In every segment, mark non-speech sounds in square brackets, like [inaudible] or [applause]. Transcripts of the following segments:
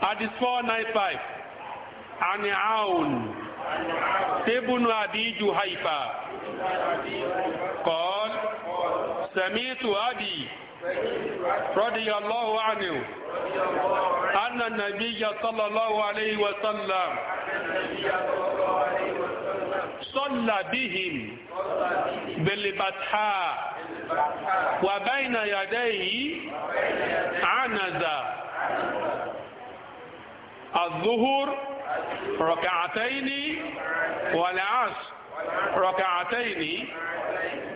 Hadith 495. عن عون ابن أبي جهيفة قال سمعت أبي رضي الله عنه أن النبي صلى الله عليه وسلم صلى بهم بالفتحاء وبين يديه عنزة الظهر ركعتين والعصر ركعتين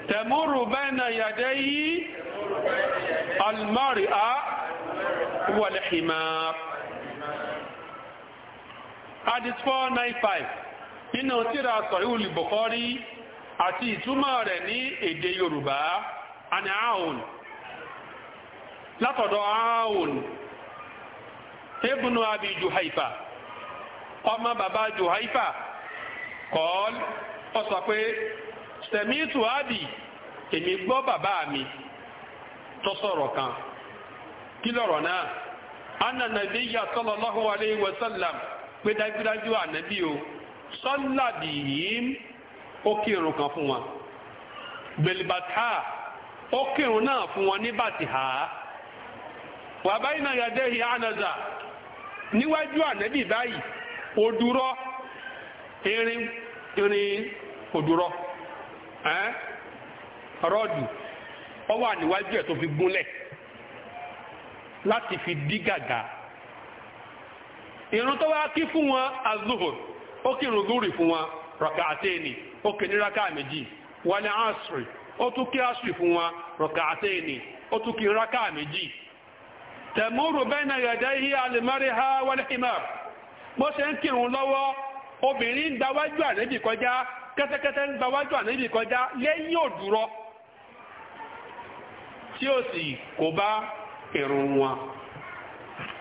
تمر بين يدي المرأة والحمار حديث 495 إنه ترى صحيح البخاري أتي تمارني إدي يوروبا أنا عون لا تدعون ibnu abi juhaifa ọmọ baba juhaifa kọ́ọ́l ó sọ pé sẹ̀mítù ábì èmi gbọ́ bàbá mi tó sọ̀rọ̀ kan kí lọ̀rọ̀ náà anna nabiyya sallallahu alayhi wa sallam pé dájúdájú ànábì o sọ́làdì yìí ó kírun kan fún wọn gbèlìbàtà ó kírun náà fún wọn ní bàtìhà wàbáyìí náà yàdé yìí ànàzà. níwájú ànábì báyìí oduro irin irin òdúrọ rọọdù ó wà níwájú fi gúnlẹ̀ láti fi dí gàgà ìrun tó wá kí fún wọn azuhur ó kírun gúrì fún wọn rọkàtẹ́ẹ̀nì ó kì ní rákà méjì wọlé asri ó tún kí asri fún wọn ó tún kí rákà tẹ̀múrù bẹ́ẹ̀nà ihe yí ha wal-himar bó ṣe ń kírun lọ́wọ́ obìnrin gbawájú kọjá kẹ́tẹ́kẹ́tẹ́ ń gbawájú kọjá lẹ́yìn òdúrọ́ tí ó sì kò bá wọn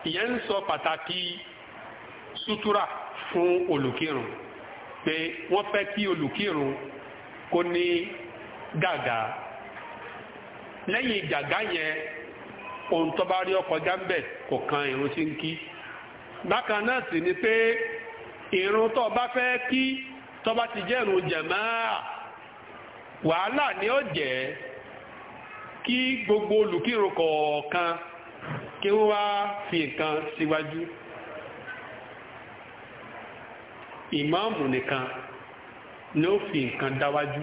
ìyẹn ń sọ pàtàkì sutura fún olùkírun pé wọ́n fẹ́ kí olùkírun kó ní gàgà lẹ́yìn yẹn ohun tó bá rí ọkọjá ń bẹ̀ kò kan irun tí ń kí bákan náà sì ni pé irun tó bá fẹ́ kí tó bá ti jẹ́ irun jàmáà wàhálà ni ó jẹ́ kí gbogbo olùkírun kọ̀ọ̀kan kí wọ́n wá fi nǹkan síwájú ìmáàmù nìkan ni ó fi nǹkan dáwájú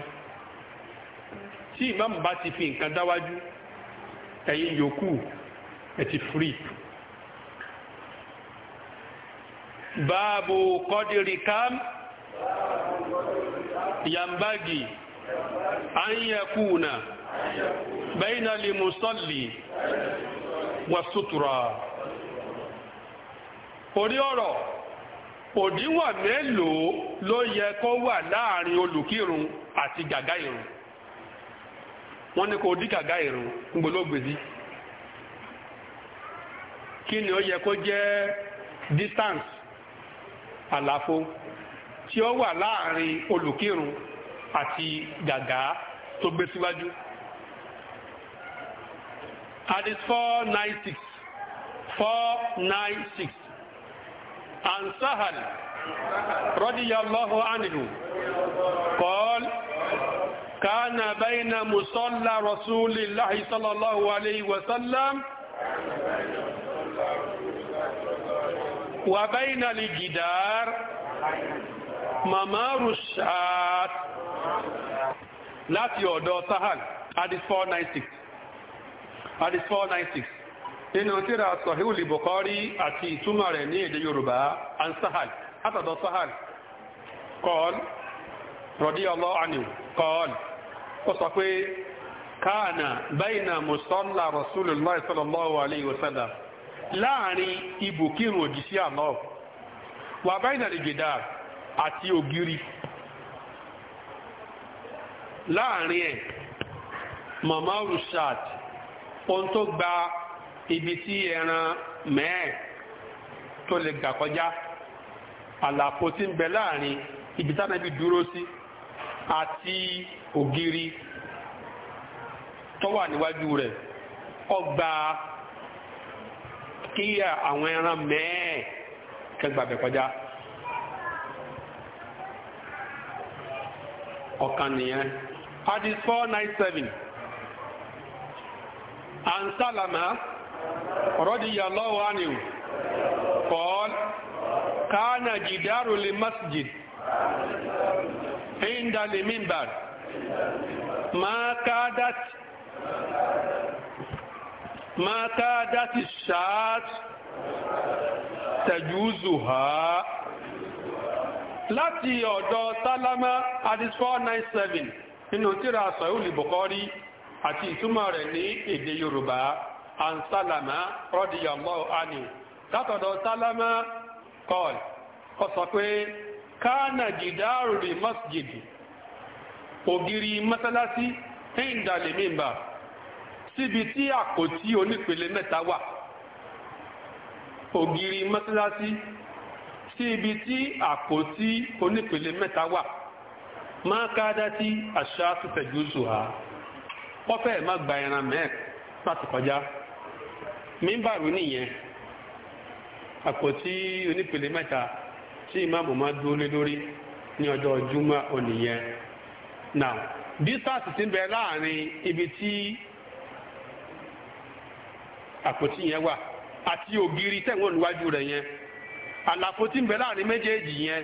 tí ìmáàmù bá ti fi nǹkan dáwájú ẹ̀yin yòókù ẹ ti free. báàbù kọ́dìrì kam yambagi anyakuna bayna limusalli wasutura orí ọ̀rọ̀ òdiwọ̀n mélòó ló yẹ kó wà láàrin olùkírun àti gàgá ìrun wọ́n ní kò dígàgá ìrùn gbólógbèdì kí ni ó yẹ kó jẹ́ distance àlàfo tí ó wà láàrin olùkírun àti gàgá tó gbé síwájú. Hadith four nine six four nine six an Sahal radiyallahu anhu kọ́. كان بين مصلى رسول الله صلى الله عليه وسلم وبين الجدار ممار الشعات لا تيودو تهان حديث 496 حديث 496 إنه ترى صحيح لبقاري أتي تمرني دي يربا عن سهل حتى دو سهل قال رضي الله عنه قال ó sọ pé káànà báyìnà mùsọ́lá rasulullah sallallahu alayhi wa sallam láàrin ibùkírùn òjíṣẹ́ àlọ́ wà báyìnà ìgbèdà àti ògiri láàrin ẹ̀ mama rushat ohun tó gba ibi tí ẹran mẹ́ẹ̀ tó lè gbà kọjá tí ń bẹ láàrin ibi tánàbí dúró sí. Si àti ògiri tó wà níwájú rẹ̀ ọgbà kí àwọn ẹran mẹ́ẹ̀ kẹgbàbẹ̀ kọjá ọ̀kan nìyẹn hadith four nine seven an salama radiyallahu anhu qala kana jidaru masjid indali mimbar ma kadat ma kadat shat tajuzuha láti ọ̀dọ̀ sálámà hadith 497 nínú tírà sahih bukhari àti ìtumọ̀ rẹ̀ ní èdè yorùbá an sálámà radiyallahu anhu látọ̀dọ̀ sálámà kọ́ọ̀lù ó sọ pé kana jìdáàrù lè masjid ògiri mọ́sálásí ẹ̀ǹdà lè mímbà ibi tí akoti onípele masalasi tí onípele mẹ́ta wà ma káádá tí àṣà tó tẹ̀júṣù tí ìmáàmù máa dúró lé lórí ní ọjọ́ júmọ́ ònìyẹn now distance ti ń bẹ láàrin ibi tí àpótí yẹn wà àti ògiri tẹ̀wọ̀n níwájú rẹ̀ yẹn àlàfo tí ń bẹ láàrin méjèèjì yẹn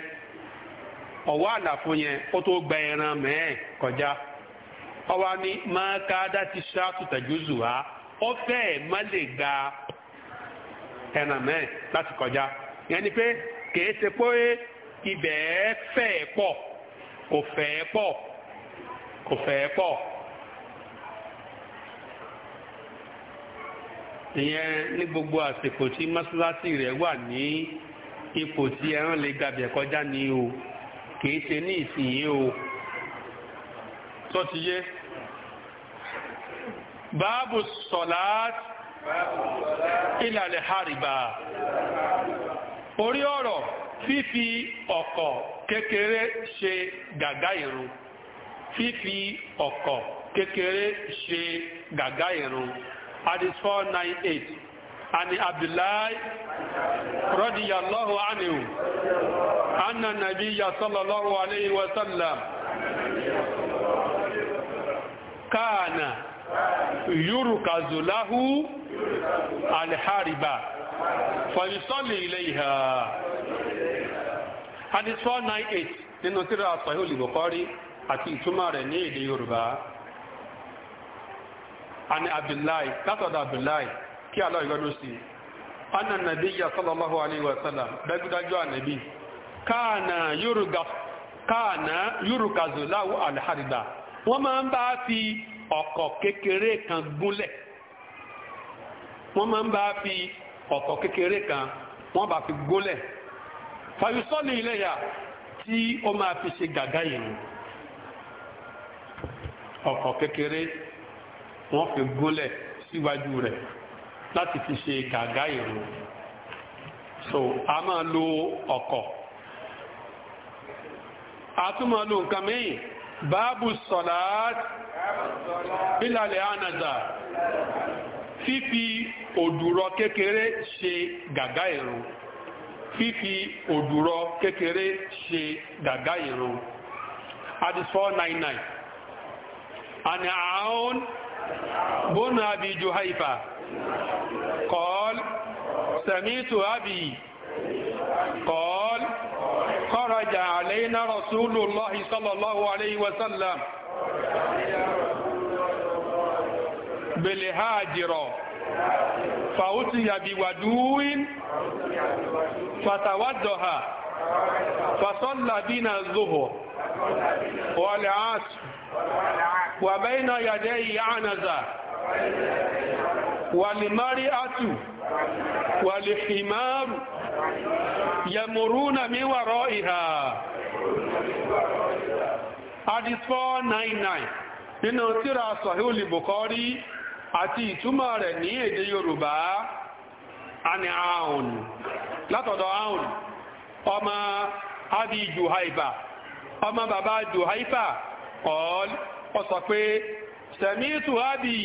ọ̀wọ́ àlàfo yẹn ó gba ẹran mẹ́ẹ̀ kọjá ọwọ́ ni máa ká dá ṣáàtù tẹ̀júzù wá ó fẹ́ẹ̀ má lè gba ẹran mẹ́ẹ̀ kìí ṣe pé ibẹ̀ fẹ́ pọ̀ kò fẹ́ pọ̀ kò fẹ́ pọ̀ ìyẹn ní gbogbo àsìkò tí mọ́ṣáláṣí rẹ̀ wà ní ipò tí ẹran lè gbàbẹ̀ kọjá ni o kìí ṣe ní ìsìnyí o tó ti yé báàbù sọ̀láàtì ìlàlẹ̀ hàrìbà. orí ọ̀rọ̀ fífi ọ̀kọ̀ kékeré ṣe gàgá ìrun fífi ọ̀kọ̀ kékeré ṣe gàgá ìrun hadith four nine eight ani abdullahi radiyallahu anhu anna nabiyya sallallahu alayhi wa sallam kana yurukazu lahu alhariba. fọ̀lìsọ́lì ilẹ̀ ìhà hadith nínú tírà àsọ̀hí olùbọ̀kọ́rí àti ìtumọ̀ rẹ̀ ní èdè yorùbá àni abdullahi látọ̀dọ̀ abdullahi kí alọ́ ìyọ́nú sí anna nabiyya sallallahu alaihi wa dájúdájú ànàbí káàna yorùbá káàna yorùbá wọ́n máa ń bá fi ọkọ̀ kékeré kan gúnlẹ̀ ọ̀kọ̀ kékeré kan wọ́n bá fi gbólẹ̀ fàyùsọ́ ní ilé yà tí ó máa fi ṣe gàgá yìí ọ̀kọ̀ kékeré wọ́n fi gbólẹ̀ síwájú rẹ̀ láti fi ṣe gàgá yìí so a máa lo ọ̀kọ̀ a tún máa lo nǹkan mìíràn báàbù sọ̀láàtì bílàlẹ̀ ànàzà fífi òdùrọ̀ kékeré ṣe gàgá ìrun fífi òdùrọ̀ kékeré ṣe gàgá ìrun hadith four nine nine àni àwọn bónú àbí juhaifa kọ́ọ́l sẹ̀mítù àbí kọ́ọ́l kọ́rọ̀jà àlẹ́yìnà rọ̀súlù lọ́hì sọ́lọ̀lọ́wọ́ àlẹ́yìn wasálàm bèlè hajjirọ̀ فأتي بودو فتودها فصلى بنا الظهر والعصر وبين يديه عنزة والمرأة والحمار يمرون من ورائها Hadith 499 nínú tírà Sahih bukhari àti ìtumọ̀ rẹ̀ ní èdè Yorùbá àni ààrùn látọ̀dọ̀ ààrùn ọmọ adi Juhaiba ọmọ bàbá Juhaiba ọ̀ọ́l ó sọ pé sẹ̀mítù adi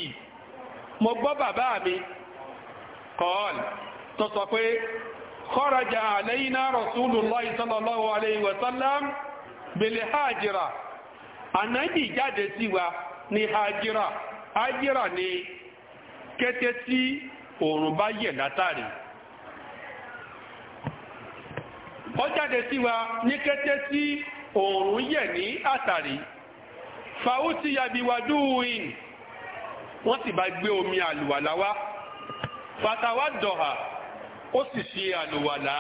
mo gbọ́ bàbá mi ọ̀ọ́l tó sọ pé kharaja alayna Rasulullahi sallallahu alayhi wa sallam bil jáde sí wa ní hajira ajira ni kete ti orun ba ye latari o jade si wa ni kete ti orun ye ni atari fauti ya bi waduin won ti ba gbe omi aluwa lawa fatawa doha o si si aluwa la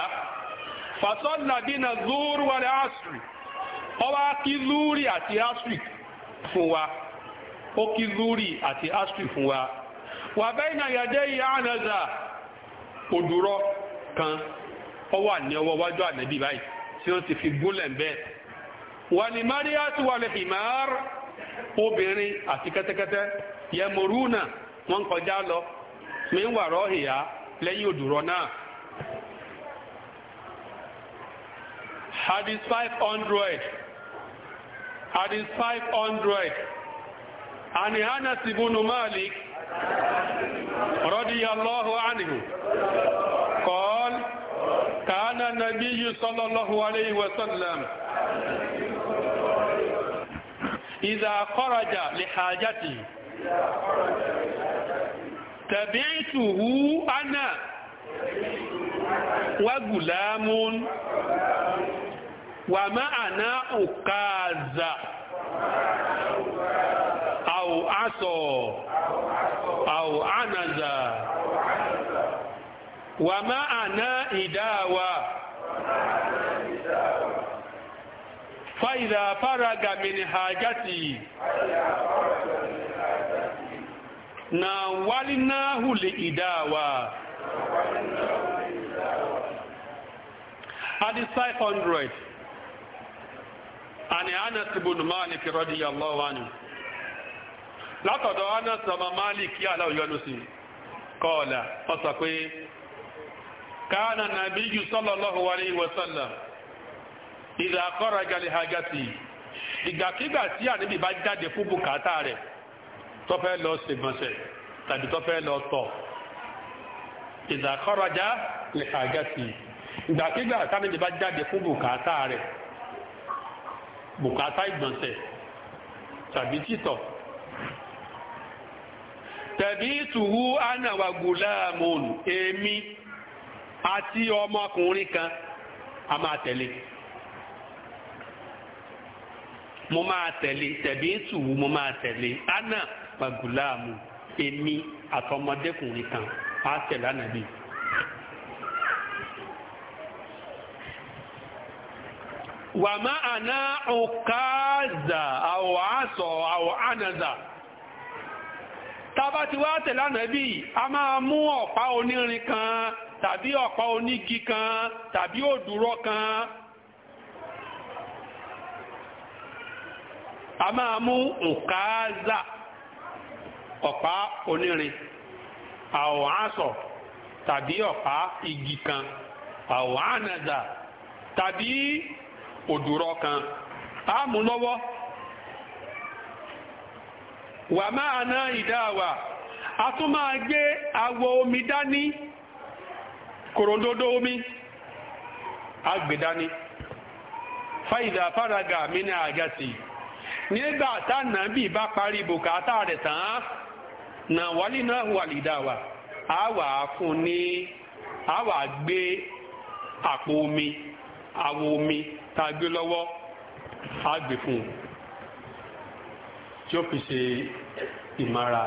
fasol nabi na zuru wa asri o wa ki zuri ati asri fun oke kí ati àti asri fún wa wà bẹ́ẹ̀ náà ya ìyá ànàzà òdùrọ̀ kan ó wà ní ọwọ́ wájú ànàbí báyìí tí wọ́n ti fi gúnlẹ̀ ń bẹ́ẹ̀ wà ní maria tí wà lè himar obìnrin àti kẹ́tẹ́kẹ́tẹ́ yẹmọ̀rúnà wọ́n kọjá lọ mi ń wà rọ́ọ̀hìyá lẹ́yìn oduro náà hadith five hundred hadith five hundred. عن أنس بن مالك رضي الله عنه قال كان النبي صلى الله عليه وسلم إذا خرج لحاجته تبعته أنا وغلام ومعنا أكاز عصى أو عنز ومعنى إداوة فإذا فرغ من حاجتي ناولناه لإداوة Hadith 500 عن أنس بن مالك رضي الله عنه látọ̀dọ̀ Anas ọmọ Malik kí aláwọ̀ yọ́nú sí kọ́ọ̀lá ó sọ pé káàna nabiyyu sallallahu alayhi wa sallam idha kharaja li hajati ìgbàkígbà tí àníbì bá jáde fún bùkátà rẹ̀ tó fẹ́ lọ ṣègbọ̀nsẹ̀ tàbí tó fẹ́ lọ tọ̀ idha kharaja li hajati ìgbàkígbà tí àníbì tẹ̀bíìtùwú ánàwàgùláàmùn èmi àti ọmọkùnrin kan a máa tẹ̀lé mo máa tẹ̀lé tẹ̀bíìtùwú mo máa tẹ̀lé ánàwàgùláàmùn èmi àtọmọdékùnrin kan a tẹ̀lé ànàbí. wàmá àná ọ̀kaàzà àwọ̀ àsọ̀ àwọ̀ ànàzà. tábà ti wá tẹ̀lé ànábì a máa mú ọ̀pá onírin kan tàbí ọ̀pá onígi kan tàbí òdúrọ̀ kan a máa mú òkáàzà ọ̀pá onírin àwòránṣọ tàbí ọ̀pá igi kan àwòránàzà tàbí òdúrọ̀ kan a mú lọ́wọ́ wà máa ná ìdáàwà a tún máa gbé awọ omi dání kòròdódó omi agbè dání fáìdà fáraga mínà àgàtì nígbà tánàbì bá parí bùkátà rẹ̀ tán na wálé náà wà lìdáàwà a wà fún ní a wà gbé àpò omi àwọ omi tàgbé lọ́wọ́ agbè fún tí ó fi ṣe ìmára.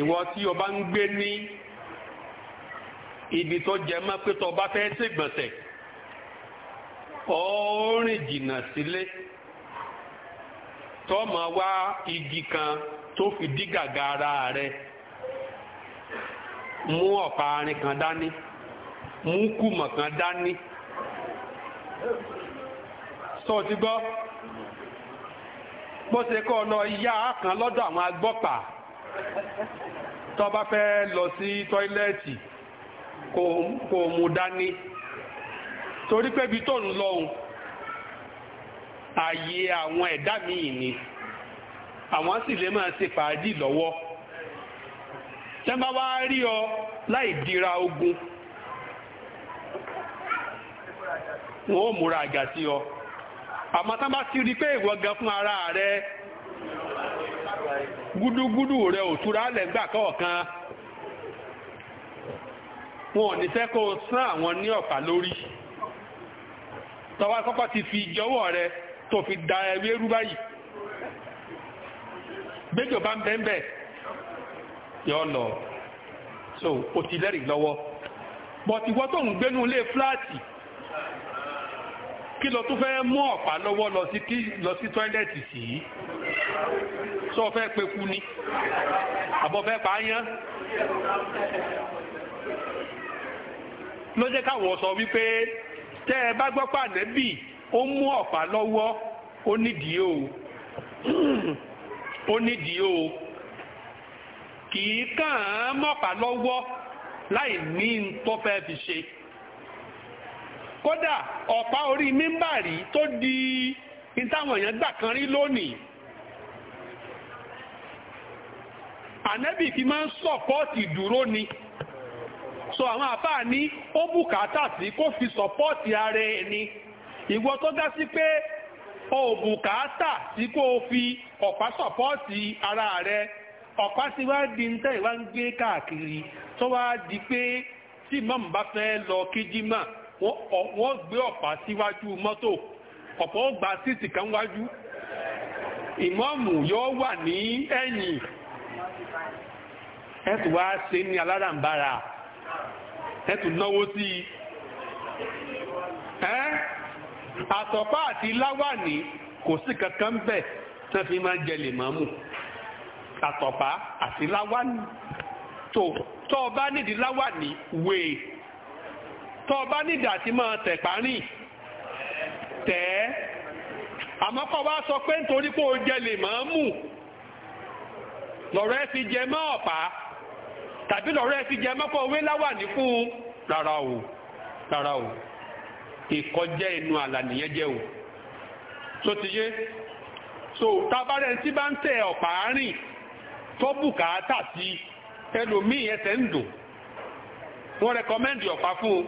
ìwọ tí o bá ń gbé ní ibi tó jẹ mọ́ pé tó bá fẹ́ ṣègbọ̀nsẹ̀ ó sile jìnnà sílé tó máa wá igi kan tó fi dí ara rẹ̀. mú ọ̀pá arin kan dání mú kùmọ̀ kan dání sọ ti gbọ́ bó ṣe kọ́ lọ yá kan lọ́dọ̀ àwọn agbọ́pà tó bá fẹ́ lọ sí tọ́ílẹ̀tì kò mú dání torí pé ibi tó ń lọ òun ààyè àwọn ẹ̀dá míì ni àwọn sì lè máa ṣe fàájì lọ́wọ́. tẹ́ bá wá rí ọ láì dira ogun wọn ò múra àgà sí ọ àmọ́ tá bá rí pé ìwọ gan fún ara rẹ gúdúgúdú rẹ ò túra lẹ́gbà kọ̀ọ̀kan wọn ò ní fẹ́ kó o sán àwọn ní ọ̀pá lórí tọ́wọ́ kọ́kọ́ ti fi ìjọwọ́ rẹ tó fi da ẹwé rú báyìí gbẹ́jọba ń bẹ́ẹ̀ bẹ́ẹ̀ yọ lọ so o ti lẹ́rìí lọ́wọ́ but ìwọ tó ń gbénu ilé fúláàtì kí ló tún fẹ́ mú ọ̀pá lọ́wọ́ lọ sí kí lọ sí tọ́ílẹ̀tì sí sọ fẹ́ peku ni àbọ̀ fẹ́ pààyàn ló jẹ́ káwọn sọ wípé tẹ́ ẹ bá gbọ́ pàdébì ó mú ọ̀pá lọ́wọ́ ó nídìí o [clears throat] ó nídìí o kì í kàn án mọ̀pá lọ́wọ́ láì ní tó fẹ́ fi ṣe kódà ọ̀pá orí mímbàrí tó di ní èèyàn gbà kan rí lónìí ànẹ́bì fi máa ń sọ̀pọ́ọ̀tì dúró ni so àwọn àbá ní ó bùkátà sí kó fi sọ̀pọ́ọ̀tì ara ẹni ìwọ tó dá sí pé o bùkátà sí kó fi ọ̀pá sọ̀pọ́ọ̀tì ara rẹ ọ̀pá ti wá di ń tẹ́ ìwá ń gbé káàkiri tó wá di pé tí mọ́mù bá fẹ́ lọ kíjímà wọ́n gbé ọ̀pá síwájú mọ́tò ọ̀pọ̀ ó gba síìtì kan wájú ìmọ́ọ̀mù yóò wà ní ẹ̀yìn ẹ̀tù wá ṣe ní alárànbarà ẹ̀tù náwó sí i ẹ́ àtọ̀pá àti láwàní kò sí kankan bẹ̀ tán fi máa jẹ lè mọ́mù àtọ̀pá àti láwàní tó tó o bá nídìí láwàní wèé tó o bá nídìí àti máa tẹ̀pá rìn tẹ̀ ẹ́ àmọ́ kọ́ wá sọ pé nítorí pé o jẹ lè máa mú lọ́rọ̀ ẹ fi jẹ mọ́ ọ̀pá tàbí lọ́rọ̀ ẹ fi jẹ mọ́ kọ́ owé láwàní fún un rárá o rárá o ìkọjẹ́ inú àlà nìyẹn jẹ́ o tó ti yé so tábàrẹ̀ tí bá ń tẹ ọ̀pá rìn tó bùkátà sí ẹlòmíì ẹsẹ̀ ń dùn wọ́n rẹkọmẹ́ndì ọ̀pá fún un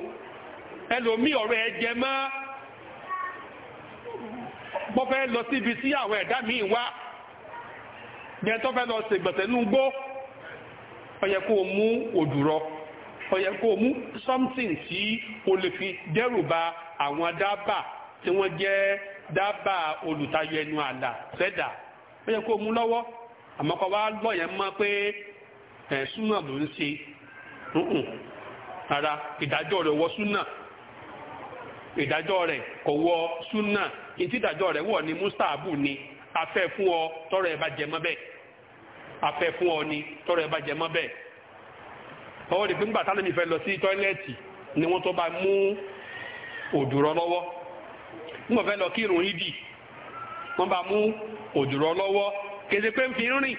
ẹlòmíì ọ̀rọ̀ ẹ jẹ mọ́ bọ́fẹ́ lọ síbi tí àwọn ẹ̀dá míì wá yẹn tó fẹ́ lọ ṣègbọ̀nsẹ̀ nínú gbó ó kó o mú òdùrọ̀ ó yẹ kó o mú something tí o lè fi dẹ́rù ba àwọn dábà tí wọ́n jẹ́ dábà olùtayọ ẹnu àlà fẹ́dà ó kó o mú lọ́wọ́. àmọ́ kọ́ wá lọ yẹn pé ẹ̀ súnà ló ń ṣe rárá ìdájọ́ rẹ̀ wọ súnà ìdájọ́ rẹ̀ kò wọ̀ ní ni afẹ́ fún ọ tọrọ bá mọ́ bẹ́ẹ̀ afẹ́ fún ọ ni tọrọ ẹ̀ bá mọ́ bẹ́ẹ̀ ọwọ́ rẹ̀ pé ńgbà tálẹ́mì sí ni wọ́n tó bá mú òdùrọ̀ fẹ́ lọ kírun wọ́n bá mú kèsè pé ń fi rìn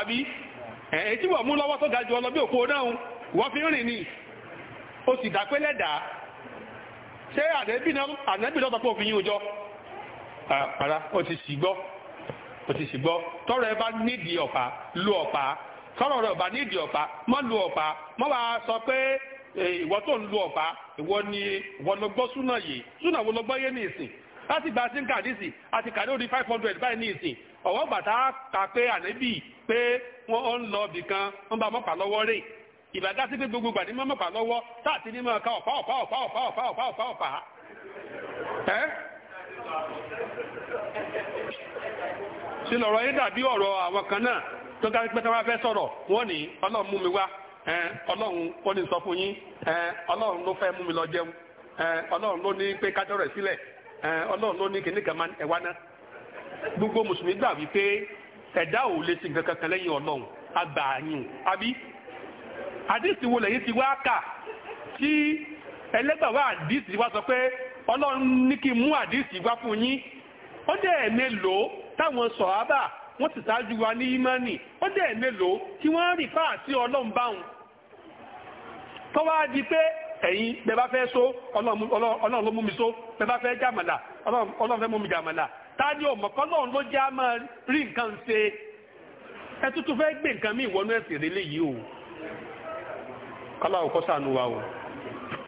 àbí ẹ̀ẹ́ tí wọ́n mú lọ́wọ́ tó ga jù bí òkú náà wọ́n fi rìn ni o sì dá pé lẹ́dàá ṣé ànẹ́bì lọ́tọ̀ pé òfin yín òjọ́ àpárá o ti sì gbọ́ o ti sì gbọ́ tọrọ ẹ bá nídìí ọ̀pá lu ọ̀pá tọrọ nídìí ọ̀pá mọ́ lu ọ̀pá mọ́ sọ pé tó ń lu ọ̀pá ni gbọ́ súnà yìí súnà wo láti gba sí ń kà nísìn àti five hundred báyìí ní ìsìn ọ̀wọ́ gbàtà kà pé pé wọ́n ń kan ń bá mọ́pà lọ́wọ́ rè ìbàdá gbogbo gbà mọ́pà lọ́wọ́ táàtì ní máa ka ọ̀pá ọ̀pá ọ̀pá ọ̀pá ọ̀pá ọ̀pá ọ̀pá ọ̀pá ẹ́ sí yín dàbí ọ̀rọ̀ àwọn kan náà tó ká pẹ́ tó bá fẹ́ sọ̀rọ̀ wọ́n ní ọlọ́run lọ jẹun ọlọ́run ló ní pé ọlọ́run ló ní kíní kan máa ẹ̀wá ná gbogbo mùsùlùmí gbà wípé ẹ̀dá ò lè sìn kankan kan lẹ́yìn ọlọ́run agbààyàn àbí àdìsí wo lẹ́yìn ti wá kà tí ẹlẹ́gbàwá àdìsí wá sọ pé ọlọ́run ní kí mú àdìsí wá fún yín ó dẹ̀ mélòó táwọn sọ̀hábà wọ́n ti ṣáájú wa ní ìmánì ó dẹ̀ mélòó tí wọ́n rí fáà sí ọlọ́run báwọn tọ́wọ́ á di pé eyi bẹ́ẹ̀ bá so ọlọ́run ló mú mi so bẹ́ẹ̀ bá fẹ́ jàmàlà ọlọ́run fẹ́ mú mi jàmàlà ta ni ọmọ ló já máa rí nǹkan ṣe ẹ tuntun fẹ́ gbé nǹkan mí ìwọ́nú ẹ̀sìn rẹ̀ léyìí o kọ́lá o.